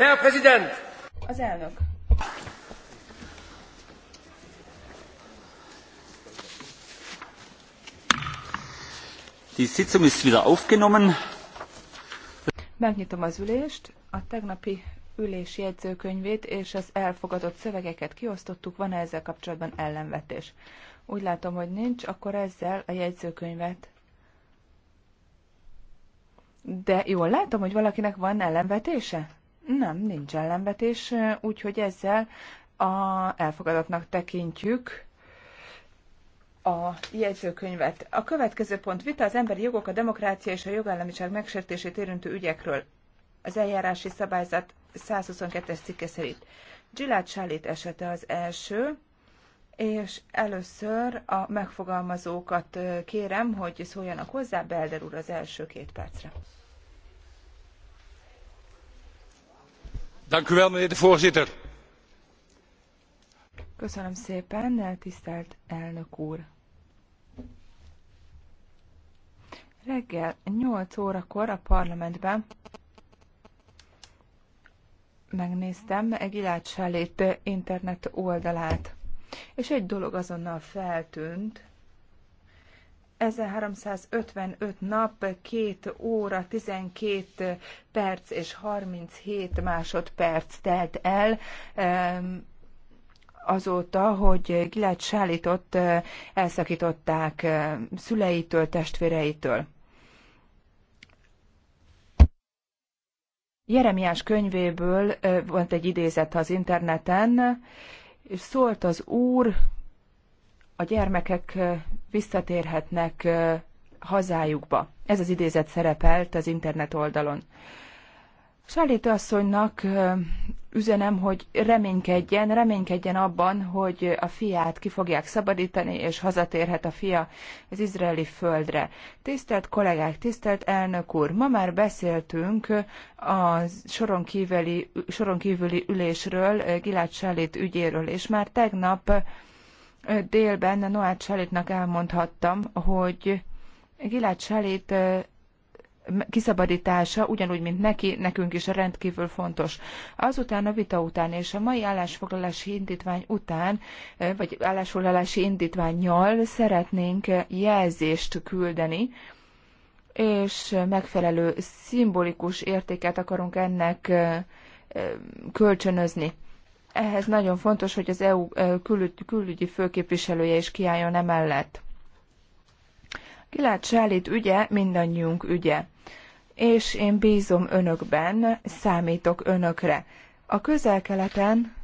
Az elnök. Die Sitzung ist wieder aufgenommen. Megnyitom az ülést. A tegnapi ülés jegyzőkönyvét és az elfogadott szövegeket kiosztottuk. Van-e ezzel kapcsolatban ellenvetés? Úgy látom, hogy nincs, akkor ezzel a jegyzőkönyvet. De jól látom, hogy valakinek van ellenvetése? Nem, nincs ellenvetés, úgyhogy ezzel a elfogadatnak tekintjük a jegyzőkönyvet. A következő pont vita az emberi jogok, a demokrácia és a jogállamiság megsértését érintő ügyekről. Az eljárási szabályzat 122-es cikke szerint. Gilad Sálit esete az első, és először a megfogalmazókat kérem, hogy szóljanak hozzá, Belder úr az első két percre. voorzitter köszönöm szépen tisztelt elnök úr reggel nyolc órakor a parlamentben megnéztem Gilad Shalit internet oldalát és egy dolog azonnal feltűnt 1355 nap, 2 óra, 12 perc és 37 másodperc telt el azóta, hogy Gilad Sálitot eh, elszakították eh, szüleitől, testvéreitől. Jeremiás könyvéből eh, volt egy idézet az interneten, és szólt az Úr, a gyermekek visszatérhetnek hazájukba. Ez az idézet szerepelt az internet oldalon. Sálét asszonynak üzenem, hogy reménykedjen, reménykedjen abban, hogy a fiát ki fogják szabadítani, és hazatérhet a fia az izraeli földre. Tisztelt kollégák, tisztelt elnök úr, ma már beszéltünk a soron, kívüli, soron kívüli ülésről, Gilát Sálét ügyéről, és már tegnap délben Noát Salitnak elmondhattam, hogy Gilát Salit kiszabadítása, ugyanúgy, mint neki, nekünk is rendkívül fontos. Azután a vita után és a mai állásfoglalási indítvány után, vagy állásfoglalási indítványjal szeretnénk jelzést küldeni, és megfelelő szimbolikus értéket akarunk ennek kölcsönözni ehhez nagyon fontos, hogy az EU e, külügyi főképviselője is kiálljon emellett. Kilát, Sálit ügye mindannyiunk ügye, és én bízom önökben, számítok önökre. A közel-keleten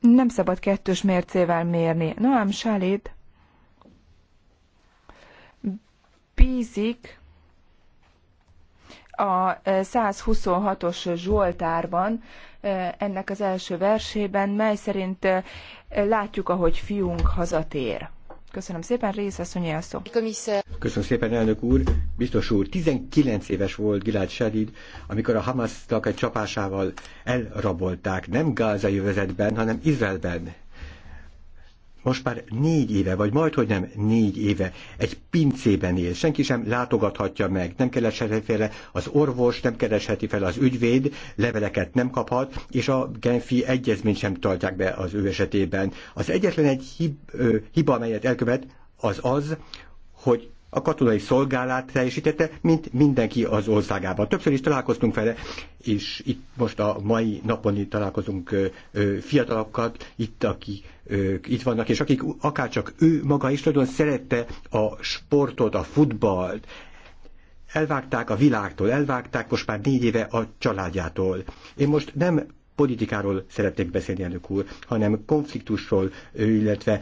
nem szabad kettős mércével mérni. Noam Sálit bízik a 126-os Zsoltárban, ennek az első versében, mely szerint látjuk, ahogy fiunk hazatér. Köszönöm szépen, részasszonyi a szó. Köszönöm szépen, elnök úr. Biztos úr, 19 éves volt Gilad Shadid, amikor a hamas egy csapásával elrabolták, nem Gáza jövezetben, hanem Izraelben most már négy éve, vagy majd, hogy nem négy éve egy pincében él. Senki sem látogathatja meg, nem keresheti fel az orvos, nem keresheti fel az ügyvéd, leveleket nem kaphat, és a Genfi egyezményt sem tartják be az ő esetében. Az egyetlen egy hib, ö, hiba, amelyet elkövet, az az, hogy a katonai szolgálat teljesítette, mint mindenki az országában. Többször is találkoztunk vele, és itt most a mai napon itt találkozunk fiatalokkal. itt, aki itt vannak, és akik akárcsak ő maga is nagyon szerette a sportot, a futballt, elvágták a világtól, elvágták most már négy éve a családjától. Én most nem politikáról szeretnék beszélni, elnök úr, hanem konfliktusról, illetve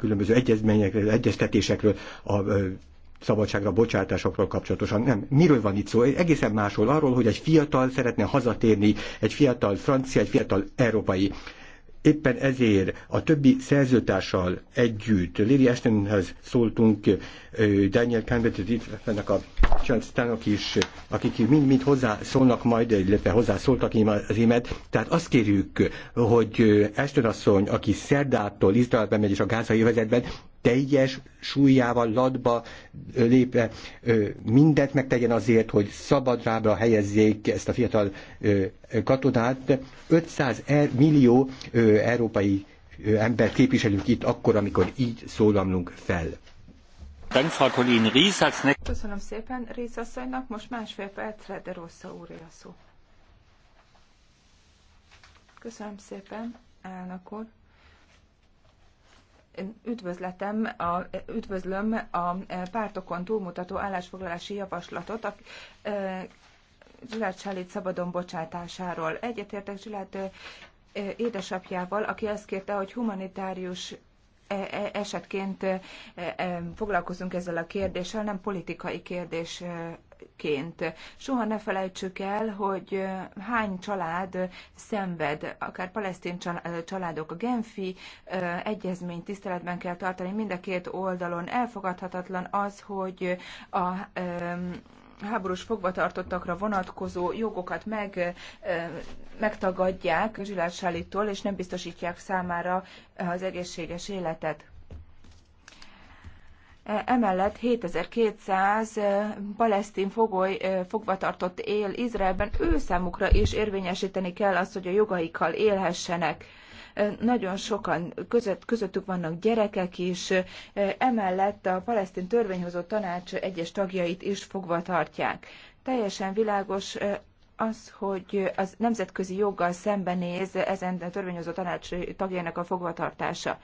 különböző egyezményekről, egyeztetésekről, a szabadságra bocsátásokról kapcsolatosan. Nem, miről van itt szó? Egészen másról, arról, hogy egy fiatal szeretne hazatérni, egy fiatal francia, egy fiatal európai. Éppen ezért a többi szerzőtársal együtt, Lili Ashtonhez szóltunk, Daniel az itt a Charles is, akik mind-mind hozzászólnak majd, illetve hozzászóltak az imet. Tehát azt kérjük, hogy Ashton asszony, aki szerdától Izraelben megy és a gázai vezetben, teljes súlyával, latba lépve mindent megtegyen azért, hogy szabadrábra helyezzék ezt a fiatal katonát. 500 e- millió európai ember képviselünk itt akkor, amikor így szólamlunk fel. Köszönöm szépen Rízasszonynak, most másfél percre, de rossz a úr szó. Köszönöm szépen, elnök úr üdvözletem, a, üdvözlöm a pártokon túlmutató állásfoglalási javaslatot, a, e, Zsilát Sálit szabadon bocsátásáról. Egyetértek Zsilát e, édesapjával, aki azt kérte, hogy humanitárius e, esetként foglalkozunk ezzel a kérdéssel, nem politikai kérdés ként. Soha ne felejtsük el, hogy hány család szenved, akár palesztin családok. A Genfi egyezményt tiszteletben kell tartani mind a két oldalon. Elfogadhatatlan az, hogy a háborús fogvatartottakra vonatkozó jogokat meg, megtagadják Zsilás és nem biztosítják számára az egészséges életet. Emellett 7200 palesztin fogoly fogvatartott él Izraelben, ő számukra is érvényesíteni kell azt, hogy a jogaikkal élhessenek. Nagyon sokan között, közöttük vannak gyerekek is, emellett a palesztin törvényhozó tanács egyes tagjait is fogva tartják. Teljesen világos az, hogy az nemzetközi joggal szembenéz ezen a törvényhozó tanács tagjának a fogvatartása.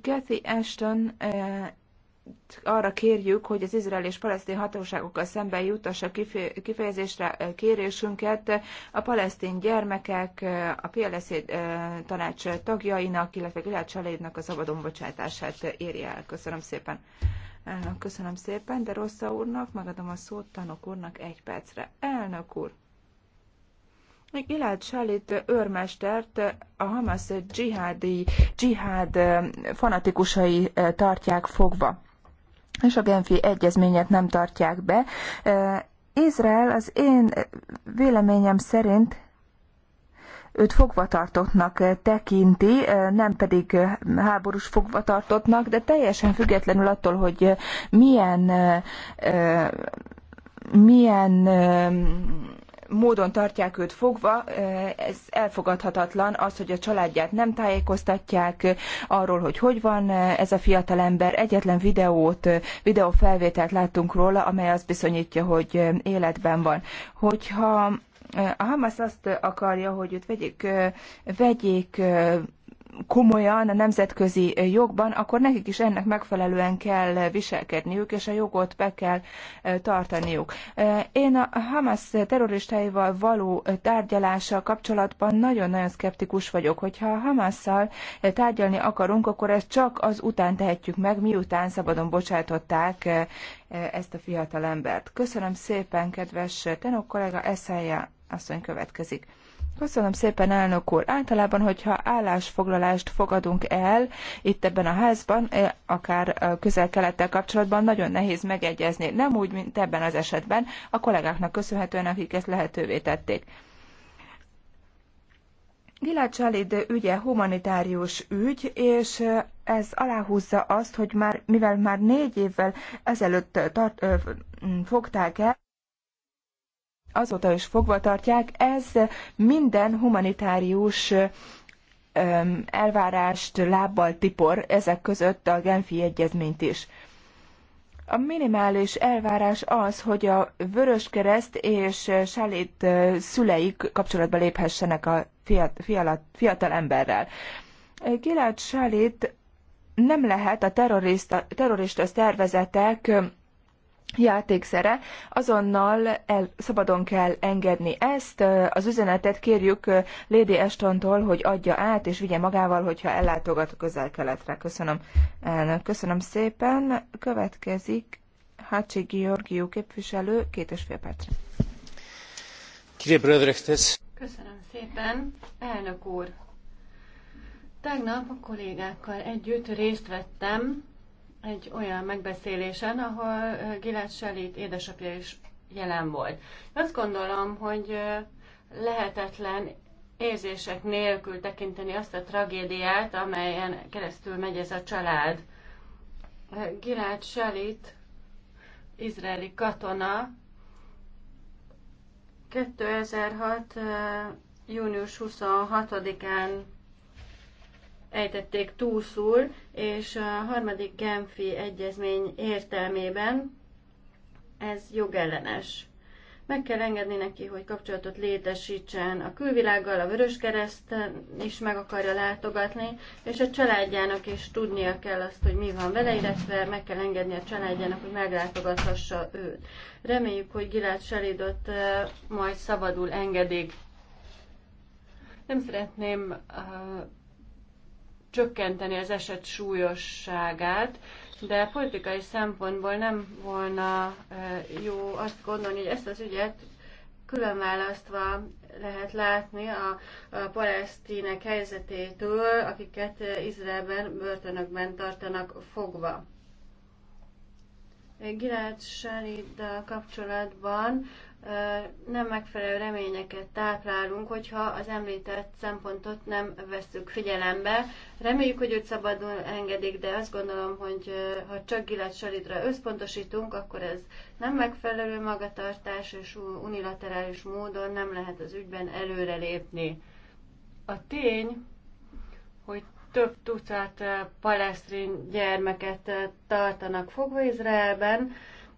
Kathy Ashton arra kérjük, hogy az izrael és palesztin hatóságokkal szemben jutassa kifejezésre kérésünket a palesztin gyermekek, a PLSZ tanács tagjainak, illetve Gilad családnak a szabadon bocsátását érje el. Köszönöm szépen. Elnök, köszönöm szépen, de Rossza úrnak, megadom a szót Tanok úrnak egy percre. Elnök úr! Gilad Shalit őrmestert a Hamas dzsihádi, dzsihád fanatikusai tartják fogva, és a Genfi egyezményet nem tartják be. Izrael az én véleményem szerint őt fogvatartottnak tekinti, nem pedig háborús fogvatartottnak, de teljesen függetlenül attól, hogy milyen milyen módon tartják őt fogva, ez elfogadhatatlan, az, hogy a családját nem tájékoztatják arról, hogy hogy van ez a fiatalember. Egyetlen videót, videófelvételt láttunk róla, amely azt bizonyítja, hogy életben van. Hogyha a Hamas azt akarja, hogy őt vegyék, vegyék komolyan a nemzetközi jogban, akkor nekik is ennek megfelelően kell viselkedniük, és a jogot be kell tartaniuk. Én a Hamas terroristáival való tárgyalással kapcsolatban nagyon-nagyon szkeptikus vagyok, hogyha a Hamasszal tárgyalni akarunk, akkor ezt csak az után tehetjük meg, miután szabadon bocsátották ezt a fiatal embert. Köszönöm szépen, kedves tenok kollega, Eszelje, asszony következik. Köszönöm szépen, elnök úr. Általában, hogyha állásfoglalást fogadunk el itt ebben a házban, eh, akár eh, közel-kelettel kapcsolatban, nagyon nehéz megegyezni. Nem úgy, mint ebben az esetben, a kollégáknak köszönhetően, akik ezt lehetővé tették. Gilad Csalid ügye humanitárius ügy, és eh, ez aláhúzza azt, hogy már, mivel már négy évvel ezelőtt tart, ö, fogták el, azóta is fogva tartják. Ez minden humanitárius elvárást lábbal tipor, ezek között a Genfi Egyezményt is. A minimális elvárás az, hogy a vörös kereszt és Salit szüleik kapcsolatba léphessenek a fiatal, fiatal emberrel. Gilad Salit nem lehet a terrorista, terrorista szervezetek játékszere, azonnal el, szabadon kell engedni ezt. Az üzenetet kérjük Lady Estontól, hogy adja át, és vigye magával, hogyha ellátogat a közel-keletre. Köszönöm, Köszönöm szépen. Következik Hácsi Georgiú képviselő, két és fél percre. Köszönöm szépen, elnök úr. Tegnap a kollégákkal együtt részt vettem egy olyan megbeszélésen, ahol Gilad Shalit édesapja is jelen volt. Azt gondolom, hogy lehetetlen érzések nélkül tekinteni azt a tragédiát, amelyen keresztül megy ez a család. Gilad Shalit, izraeli katona, 2006. június 26-án ejtették túlszul, és a harmadik Genfi egyezmény értelmében ez jogellenes. Meg kell engedni neki, hogy kapcsolatot létesítsen a külvilággal, a Vöröskereszten is meg akarja látogatni, és a családjának is tudnia kell azt, hogy mi van vele, illetve meg kell engedni a családjának, hogy meglátogathassa őt. Reméljük, hogy Gilát Selidot eh, majd szabadul engedik. Nem szeretném eh, csökkenteni az eset súlyosságát, de politikai szempontból nem volna jó azt gondolni, hogy ezt az ügyet külön választva lehet látni a, a palesztinek helyzetétől, akiket Izraelben, börtönökben tartanak fogva. Gilad Sáliddal kapcsolatban nem megfelelő reményeket táplálunk, hogyha az említett szempontot nem veszük figyelembe. Reméljük, hogy őt szabadon engedik, de azt gondolom, hogy ha csak Gilad Salidra összpontosítunk, akkor ez nem megfelelő magatartás, és unilaterális módon nem lehet az ügyben előrelépni. A tény, hogy több tucat palesztrin gyermeket tartanak fogva Izraelben,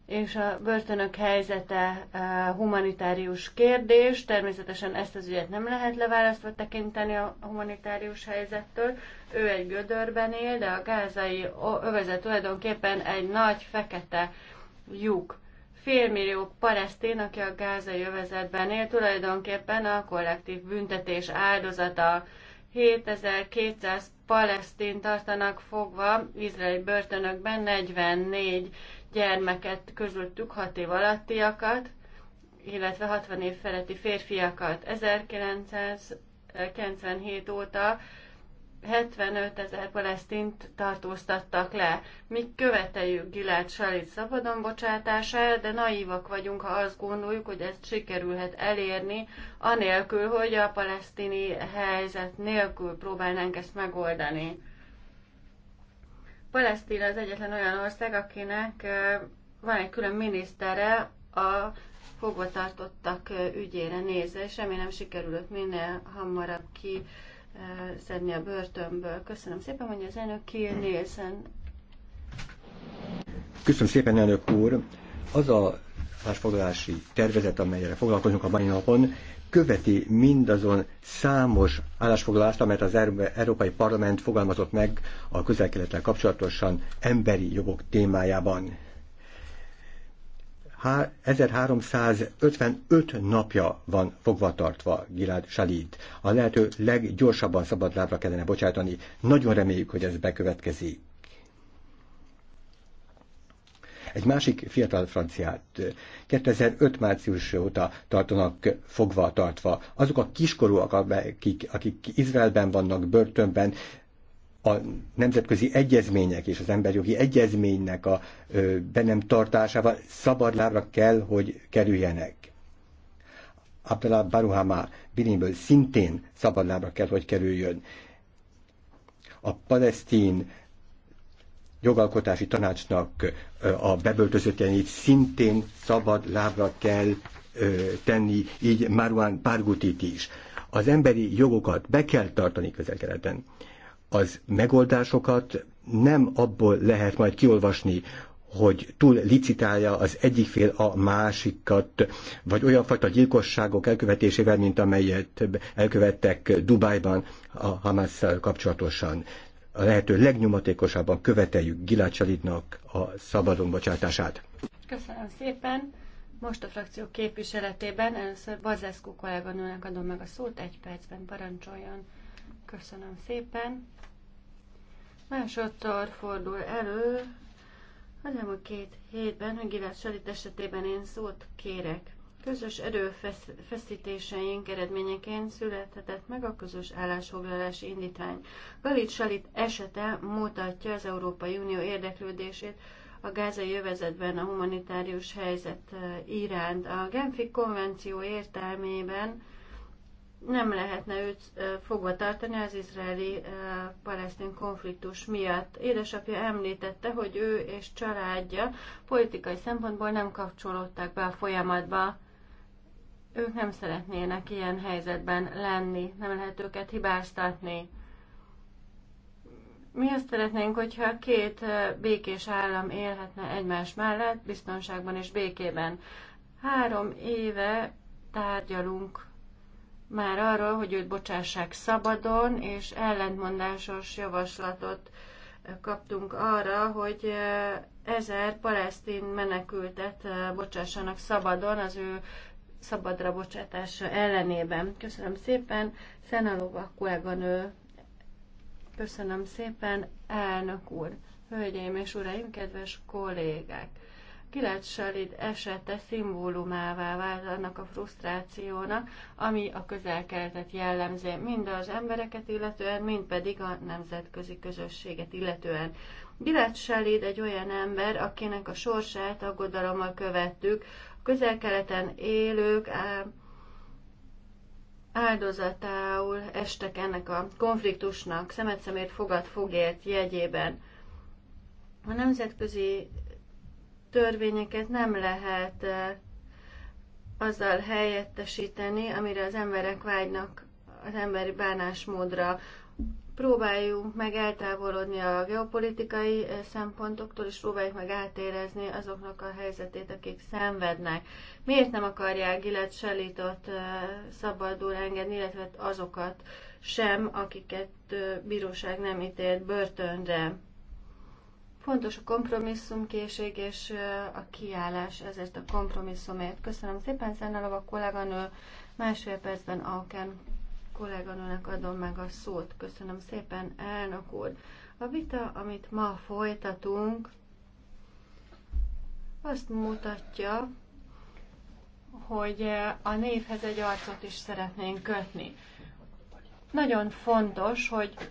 és a börtönök helyzete eh, humanitárius kérdés. Természetesen ezt az ügyet nem lehet leválasztva tekinteni a humanitárius helyzettől. Ő egy gödörben él, de a gázai övezet tulajdonképpen egy nagy fekete lyuk. Félmillió palesztin, aki a gázai övezetben él, tulajdonképpen a kollektív büntetés áldozata. 7200 palesztin tartanak fogva izraeli börtönökben, 44 gyermeket közöttük, 6 év alattiakat, illetve 60 év feletti férfiakat. 1997 óta 75 ezer palesztint tartóztattak le. Mi követeljük Gilát Salit szabadon bocsátását, de naívak vagyunk, ha azt gondoljuk, hogy ezt sikerülhet elérni, anélkül, hogy a palesztini helyzet nélkül próbálnánk ezt megoldani. Palesztin az egyetlen olyan ország, akinek van egy külön minisztere a fogvatartottak ügyére nézve, és remélem nem sikerült minél hamarabb ki szedni a börtönből. Köszönöm szépen, mondja az elnök ki Köszönöm szépen, elnök úr. Az a állásfoglalási tervezet, amelyre foglalkozunk a mai napon, követi mindazon számos állásfoglalást, amelyet az Európai Parlament fogalmazott meg a közel kapcsolatosan emberi jogok témájában. 1355 napja van fogvatartva Gilad Shalit. A lehető leggyorsabban szabadlábra kellene bocsájtani. Nagyon reméljük, hogy ez bekövetkezik egy másik fiatal franciát 2005 március óta tartanak fogva tartva. Azok a kiskorúak, akik, akik Izraelben vannak, börtönben, a nemzetközi egyezmények és az emberjogi egyezménynek a be nem tartásával szabadlábra kell, hogy kerüljenek. Abdallah Baruhama Bilinből szintén szabadlábra kell, hogy kerüljön. A palesztin jogalkotási tanácsnak a beböltözöttjeit szintén szabad lábra kell tenni, így Maruán Párgutit is. Az emberi jogokat be kell tartani közelkereten. Az megoldásokat nem abból lehet majd kiolvasni, hogy túl licitálja az egyik fél a másikat, vagy olyan fajta gyilkosságok elkövetésével, mint amelyet elkövettek Dubájban a Hamasszal kapcsolatosan a lehető legnyomatékosabban követeljük Gilad Csalidnak a szabadon bocsátását. Köszönöm szépen. Most a frakció képviseletében először Bazeszkó kolléganőnek adom meg a szót, egy percben parancsoljon. Köszönöm szépen. Másodszor fordul elő, az elmúlt két hétben, hogy Gilad Salit esetében én szót kérek. Közös erőfeszítéseink eredményeként születhetett meg a közös állásfoglalási indítvány. Galit Salit esete mutatja az Európai Unió érdeklődését a gázai övezetben a humanitárius helyzet eh, iránt. A Genfi konvenció értelmében nem lehetne őt eh, fogva tartani az izraeli eh, palesztin konfliktus miatt. Édesapja említette, hogy ő és családja politikai szempontból nem kapcsolódtak be a folyamatba. Ők nem szeretnének ilyen helyzetben lenni, nem lehet őket hibáztatni. Mi azt szeretnénk, hogyha két békés állam élhetne egymás mellett, biztonságban és békében. Három éve tárgyalunk már arról, hogy őt bocsássák szabadon, és ellentmondásos javaslatot kaptunk arra, hogy ezer palesztin menekültet bocsássanak szabadon az ő szabadra bocsátása ellenében. Köszönöm szépen, Szenalova kolléganő. Köszönöm szépen, elnök úr, hölgyeim és uraim, kedves kollégák. Kilát Salid esete szimbólumává vált annak a frusztrációnak, ami a közelkeletet jellemzi, mind az embereket illetően, mind pedig a nemzetközi közösséget illetően. Gilad egy olyan ember, akinek a sorsát aggodalommal követtük, közel-keleten élők áldozatául estek ennek a konfliktusnak, szemet szemét fogad fogért jegyében. A nemzetközi törvényeket nem lehet azzal helyettesíteni, amire az emberek vágynak az emberi bánásmódra, próbáljunk meg eltávolodni a geopolitikai eh, szempontoktól, és próbáljuk meg átérezni azoknak a helyzetét, akik szenvednek. Miért nem akarják Gilad Selitot eh, szabadul engedni, illetve hát azokat sem, akiket eh, bíróság nem ítélt börtönre? Fontos a kompromisszumkészség és a kiállás ezért a kompromisszumért. Köszönöm szépen, a kolléganő, másfél percben Auken kolléganőnek adom meg a szót. Köszönöm szépen, elnök úr. A vita, amit ma folytatunk, azt mutatja, hogy a névhez egy arcot is szeretnénk kötni. Nagyon fontos, hogy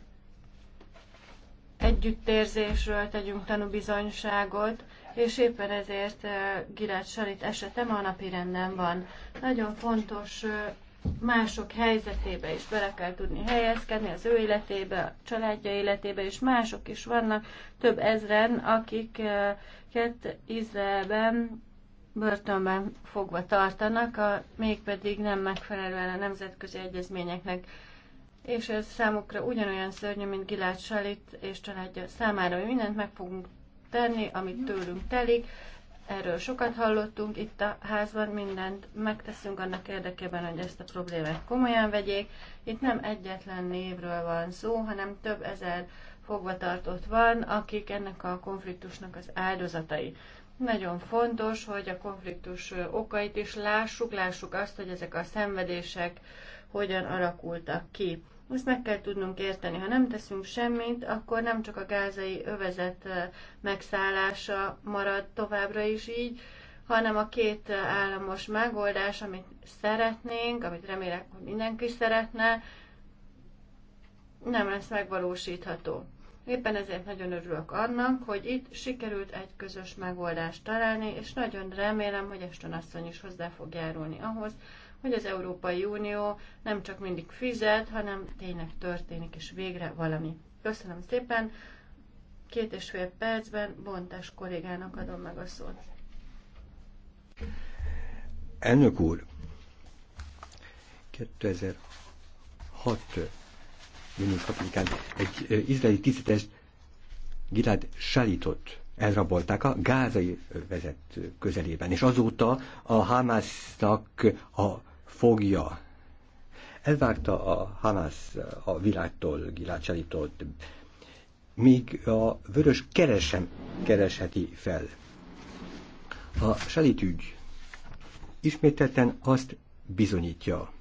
együttérzésről tegyünk tanúbizonyságot, és éppen ezért eh, Salit esetem a napi napirenden van. Nagyon fontos eh, mások helyzetébe is bele kell tudni helyezkedni, az ő életébe, a családja életébe, és mások is vannak, több ezren, akiket Izraelben börtönben fogva tartanak, a, mégpedig nem megfelelően a nemzetközi egyezményeknek. És ez számukra ugyanolyan szörnyű, mint Gilát Salit és családja számára. hogy mindent meg fogunk tenni, amit tőlünk telik, Erről sokat hallottunk itt a házban, mindent megteszünk annak érdekében, hogy ezt a problémát komolyan vegyék. Itt nem egyetlen névről van szó, hanem több ezer fogvatartott van, akik ennek a konfliktusnak az áldozatai. Nagyon fontos, hogy a konfliktus okait is lássuk, lássuk azt, hogy ezek a szenvedések hogyan alakultak ki. Most meg kell tudnunk érteni. Ha nem teszünk semmit, akkor nem csak a gázai övezet megszállása marad továbbra is így, hanem a két államos megoldás, amit szeretnénk, amit remélek, hogy mindenki szeretne, nem lesz megvalósítható. Éppen ezért nagyon örülök annak, hogy itt sikerült egy közös megoldást találni, és nagyon remélem, hogy Eston asszony is hozzá fog járulni ahhoz, hogy az Európai Unió nem csak mindig fizet, hanem tényleg történik és végre valami. Köszönöm szépen. Két és fél percben Bontás kollégának adom meg a szót. Elnök úr, 2006 június 6-án egy izraeli tisztetest Gilad Salitot elrabolták a gázai vezet közelében, és azóta a Hamásznak a fogja. Elvárta a Hamas a világtól, Gilácsalitól, míg a vörös keresem keresheti fel. A Salit ügy ismételten azt bizonyítja,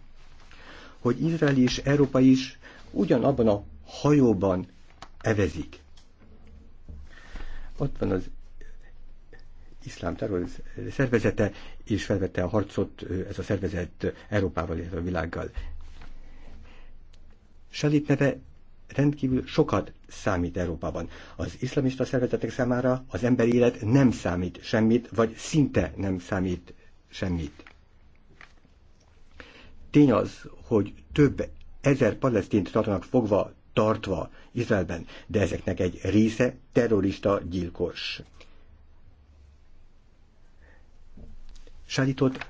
hogy Izrael és Európa is ugyanabban a hajóban evezik. Ott van az iszlám szervezete, és felvette a harcot ez a szervezet Európával, illetve a világgal. Shalit neve rendkívül sokat számít Európában. Az iszlamista szervezetek számára az emberi élet nem számít semmit, vagy szinte nem számít semmit. Tény az, hogy több ezer palesztint tartanak fogva, tartva Izraelben, de ezeknek egy része terrorista gyilkos. Sáditot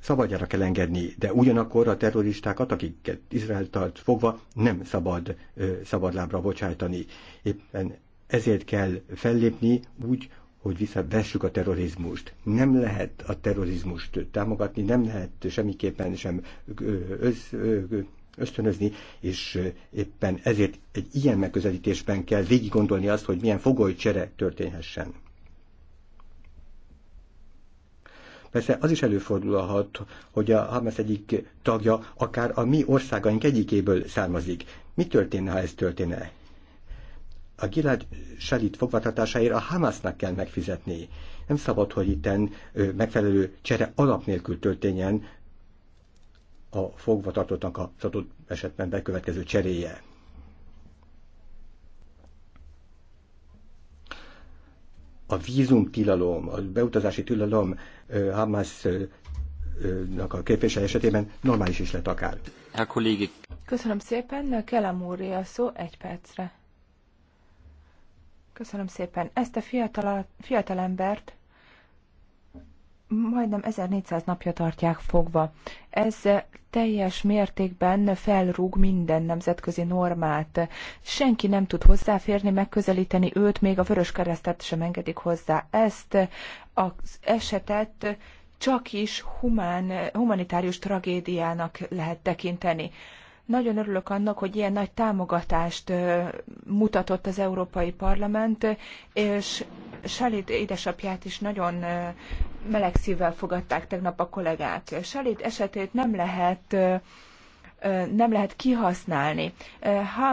szabadjára kell engedni, de ugyanakkor a terroristákat, akiket Izrael tart fogva, nem szabad szabadlábra bocsájtani. Éppen ezért kell fellépni úgy, hogy visszavessük a terrorizmust. Nem lehet a terrorizmust támogatni, nem lehet semmiképpen sem össz, ösztönözni, és éppen ezért egy ilyen megközelítésben kell végig gondolni azt, hogy milyen fogolycsere történhessen. Persze az is előfordulhat, hogy a Hamas egyik tagja akár a mi országaink egyikéből származik. Mi történne, ha ez történne? A Gilad Shalit fogvatartásáért a Hamasnak kell megfizetni. Nem szabad, hogy itten megfelelő csere alap nélkül történjen a fogvatartottnak a adott esetben bekövetkező cseréje. a vízum tilalom, a beutazási tilalom Hamasnak a képviselő esetében normális is lett akár. Köszönöm szépen, Kelem úr a szó egy percre. Köszönöm szépen. Ezt a fiatal, fiatal embert majdnem 1400 napja tartják fogva. Ez teljes mértékben felrúg minden nemzetközi normát. Senki nem tud hozzáférni, megközelíteni őt, még a vörös keresztet sem engedik hozzá. Ezt az esetet csak is humán, humanitárius tragédiának lehet tekinteni. Nagyon örülök annak, hogy ilyen nagy támogatást mutatott az Európai Parlament, és Salit édesapját is nagyon meleg szívvel fogadták tegnap a kollégák. Salit esetét nem lehet nem lehet kihasználni.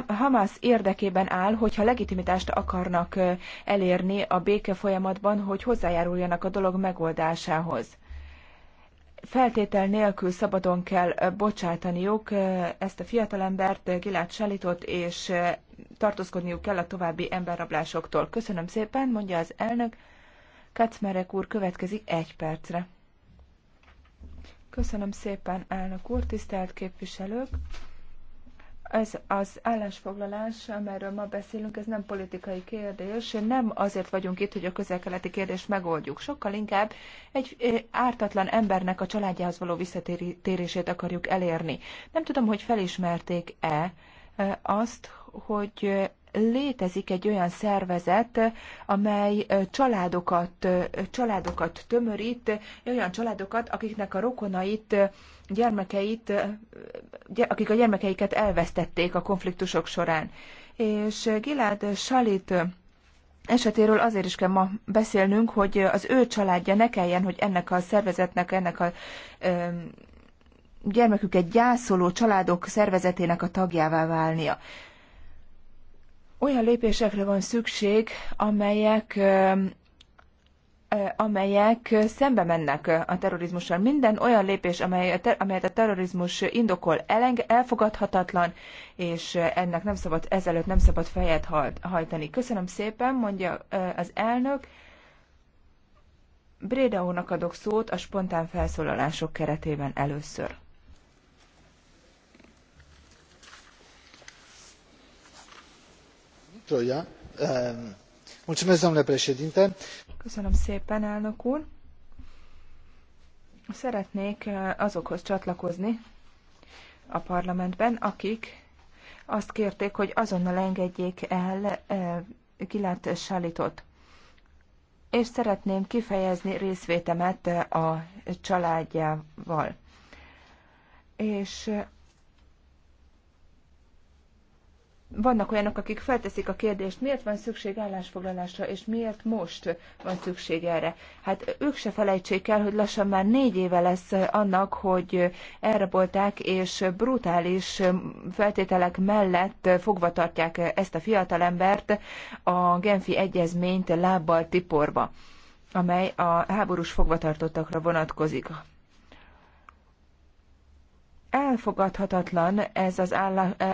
Hamas érdekében áll, hogyha legitimitást akarnak elérni a béke folyamatban, hogy hozzájáruljanak a dolog megoldásához. Feltétel nélkül szabadon kell bocsátaniuk ezt a fiatalembert, Gilát Salitot, és tartózkodniuk kell a további emberrablásoktól. Köszönöm szépen, mondja az elnök. Kacmerek úr következik egy percre. Köszönöm szépen, elnök úr, tisztelt képviselők! Ez az állásfoglalás, amelyről ma beszélünk, ez nem politikai kérdés. Nem azért vagyunk itt, hogy a közelkeleti kérdést megoldjuk. Sokkal inkább egy ártatlan embernek a családjához való visszatérését akarjuk elérni. Nem tudom, hogy felismerték-e azt, hogy létezik egy olyan szervezet, amely családokat, családokat tömörít, olyan családokat, akiknek a rokonait, gyermekeit, akik a gyermekeiket elvesztették a konfliktusok során. És Gilad Salit esetéről azért is kell ma beszélnünk, hogy az ő családja ne kelljen, hogy ennek a szervezetnek, ennek a gyermeküket gyászoló családok szervezetének a tagjává válnia olyan lépésekre van szükség, amelyek amelyek szembe mennek a terrorizmussal. Minden olyan lépés, amely, amelyet a terrorizmus indokol, eleng, elfogadhatatlan, és ennek nem szabad, ezelőtt nem szabad fejet hajtani. Köszönöm szépen, mondja az elnök. Brédeónak adok szót a spontán felszólalások keretében először. Köszönöm szépen, elnök úr. Szeretnék eh, azokhoz csatlakozni a parlamentben, akik azt kérték, hogy azonnal engedjék el eh, Gilát Sálitot. És szeretném kifejezni részvétemet eh, a családjával. És vannak olyanok, akik felteszik a kérdést, miért van szükség állásfoglalásra, és miért most van szükség erre. Hát ők se felejtsék el, hogy lassan már négy éve lesz annak, hogy elrabolták, és brutális feltételek mellett fogva tartják ezt a fiatalembert a Genfi Egyezményt lábbal tiporva amely a háborús fogvatartottakra vonatkozik elfogadhatatlan ez az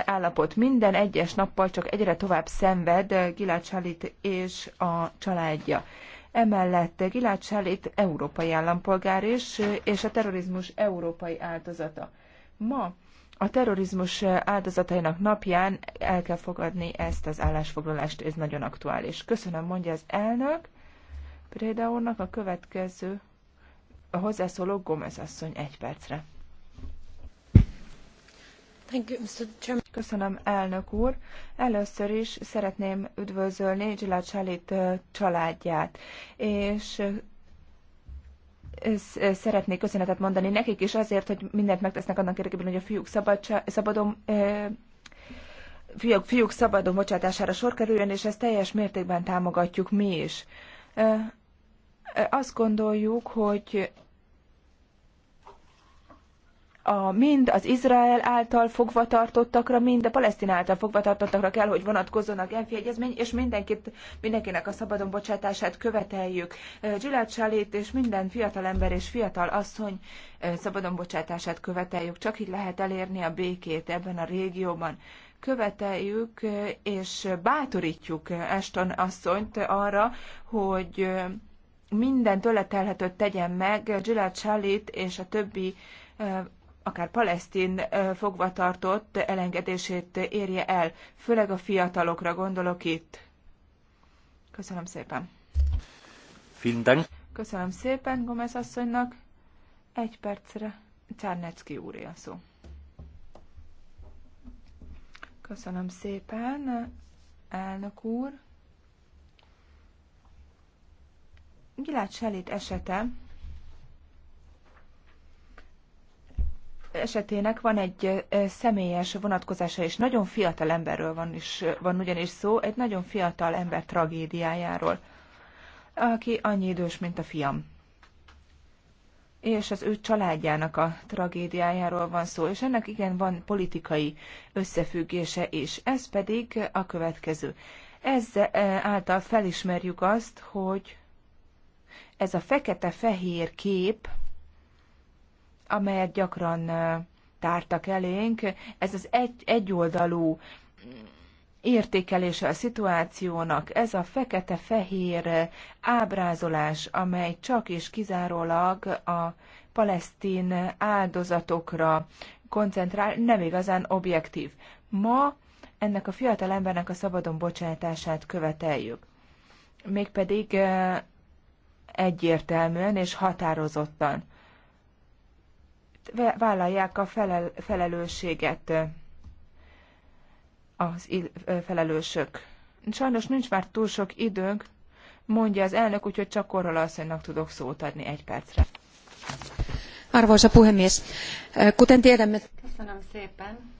állapot. Minden egyes nappal csak egyre tovább szenved Gilad Shalit és a családja. Emellett Gilad Shalit európai állampolgár is, és a terrorizmus európai áldozata. Ma a terrorizmus áldozatainak napján el kell fogadni ezt az állásfoglalást, ez nagyon aktuális. Köszönöm, mondja az elnök. Préda a következő a hozzászóló Gomez asszony egy percre. Köszönöm, elnök úr. Először is szeretném üdvözölni Gyula Csalit családját, és szeretnék köszönetet mondani nekik is azért, hogy mindent megtesznek annak érdekében, hogy a fiúk szabadsa, szabadon fiúk, fiúk szabadon bocsátására sor kerüljön, és ezt teljes mértékben támogatjuk mi is. Azt gondoljuk, hogy a, mind az Izrael által fogvatartottakra, mind a palesztin által fogvatartottakra kell, hogy vonatkozzon a Genfi Egyezmény, és mindenkit, mindenkinek a szabadon bocsátását követeljük. Gilad Shalit és minden fiatal ember és fiatal asszony szabadon bocsátását követeljük. Csak így lehet elérni a békét ebben a régióban követeljük és bátorítjuk Eston asszonyt arra, hogy minden tőle telhetőt tegyen meg Gilad Shalit és a többi akár palesztin fogvatartott elengedését érje el. Főleg a fiatalokra gondolok itt. Köszönöm szépen. Finden. Köszönöm szépen Gomez asszonynak. Egy percre Czárnecki úré a szó. Köszönöm szépen, elnök úr. Gilát Selit esete esetének van egy személyes vonatkozása és Nagyon fiatal emberről van, is, van ugyanis szó, egy nagyon fiatal ember tragédiájáról, aki annyi idős, mint a fiam. És az ő családjának a tragédiájáról van szó, és ennek igen van politikai összefüggése is. Ez pedig a következő. Ezzel által felismerjük azt, hogy ez a fekete-fehér kép, amelyet gyakran tártak elénk. Ez az egy, egyoldalú mm, értékelése a szituációnak, ez a fekete-fehér ábrázolás, amely csak és kizárólag a palesztin áldozatokra koncentrál, nem igazán objektív. Ma ennek a fiatal embernek a szabadon bocsátását követeljük. Mégpedig egyértelműen és határozottan vállalják a felel, felelősséget az felelősök. Sajnos nincs már túl sok időnk, mondja az elnök, úgyhogy csak Korhola asszonynak tudok szót adni egy percre. Arvoisa puhemies, kuten tiedämme... Köszönöm szépen.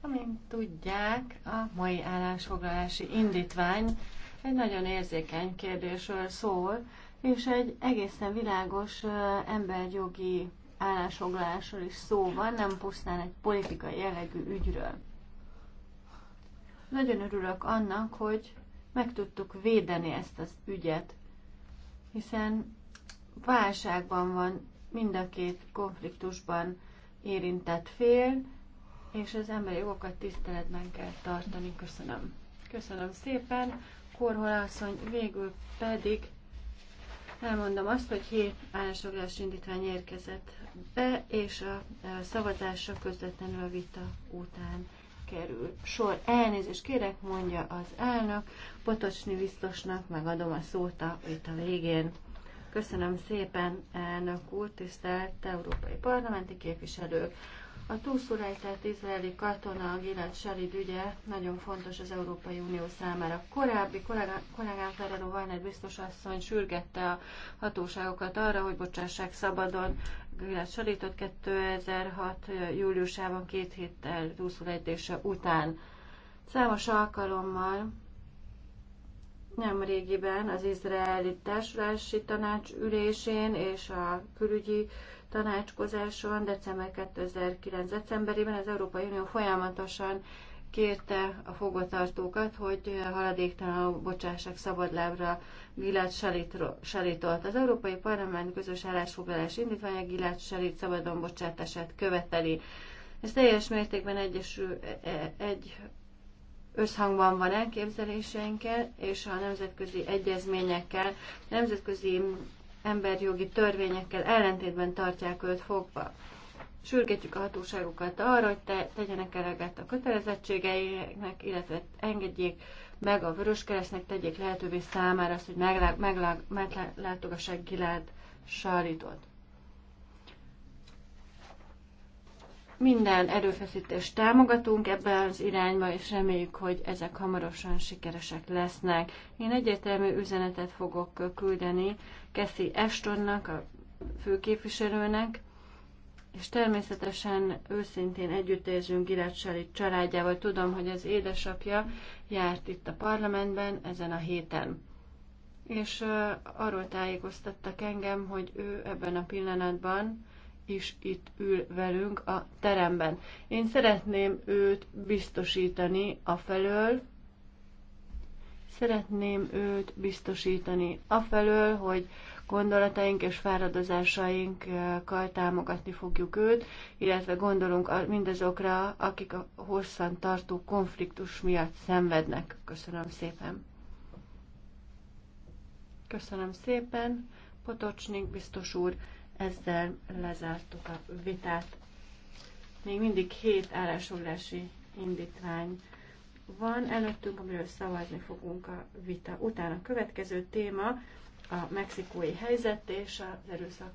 Amint tudják, a mai állásfoglalási indítvány egy nagyon érzékeny kérdésről szól, és egy egészen világos emberjogi állásfoglalásról is szó van, nem pusztán egy politikai jellegű ügyről. Nagyon örülök annak, hogy meg tudtuk védeni ezt az ügyet, hiszen válságban van mind a két konfliktusban érintett fél, és az emberi jogokat tiszteletben kell tartani. Köszönöm. Köszönöm szépen. Korhol asszony végül pedig Elmondom azt, hogy hét állásfoglalás indítvány érkezett be, és a e, szavazásra közvetlenül a vita után kerül sor. Elnézést kérek, mondja az elnök, Potocsni biztosnak megadom a szót a vita végén. Köszönöm szépen, elnök úr, tisztelt európai parlamenti képviselők! A túlszórály, izraeli katona, a Gilad Sharid ügye nagyon fontos az Európai Unió számára. Korábbi kollégám, kollégám Ferrero Weiner biztos asszony sürgette a hatóságokat arra, hogy bocsássák szabadon Gilad Sharidot 2006. júliusában két héttel túlszólejtése után. Számos alkalommal nem régiben az izraeli társulási tanács ülésén és a külügyi uh, tanácskozáson december 2009. decemberében az Európai Unió folyamatosan kérte a fogvatartókat, hogy haladéktalanul bocsássák szabadlábra Gilad Salitot. Az Európai Parlament közös állásfoglalás indítványa Gilad Salit szabadon bocsátását követeli. Ez teljes mértékben egyesül, e- e- egy összhangban van elképzeléseinkkel és a nemzetközi egyezményekkel, a nemzetközi emberjogi törvényekkel ellentétben tartják őt fogva. Sürgetjük a hatóságokat arra, hogy te, tegyenek eleget a kötelezettségeinek, illetve engedjék meg a Vöröskeresztnek, tegyék lehetővé számára azt, hogy meglátogassák Gilád Saritot. Minden erőfeszítést támogatunk ebben az irányba, és reméljük, hogy ezek hamarosan sikeresek lesznek. Én egyértelmű üzenetet fogok küldeni Kathy Ashtonnak, a főképviselőnek, és természetesen őszintén együttérzünk Girácsári családjával. Tudom, hogy az édesapja járt itt a parlamentben ezen a héten. És arról tájékoztattak engem, hogy ő ebben a pillanatban is itt ül velünk a teremben. Én szeretném őt biztosítani a felől, Szeretném őt biztosítani afelől, hogy gondolataink és fáradozásainkkal támogatni fogjuk őt, illetve gondolunk mindazokra, akik a hosszan tartó konfliktus miatt szenvednek. Köszönöm szépen. Köszönöm szépen, Potocsnik biztos úr, ezzel lezártuk a vitát. Még mindig hét állásolási indítvány van előttünk, amiről szavazni fogunk a vita után. A következő téma a mexikói helyzet és az erőszak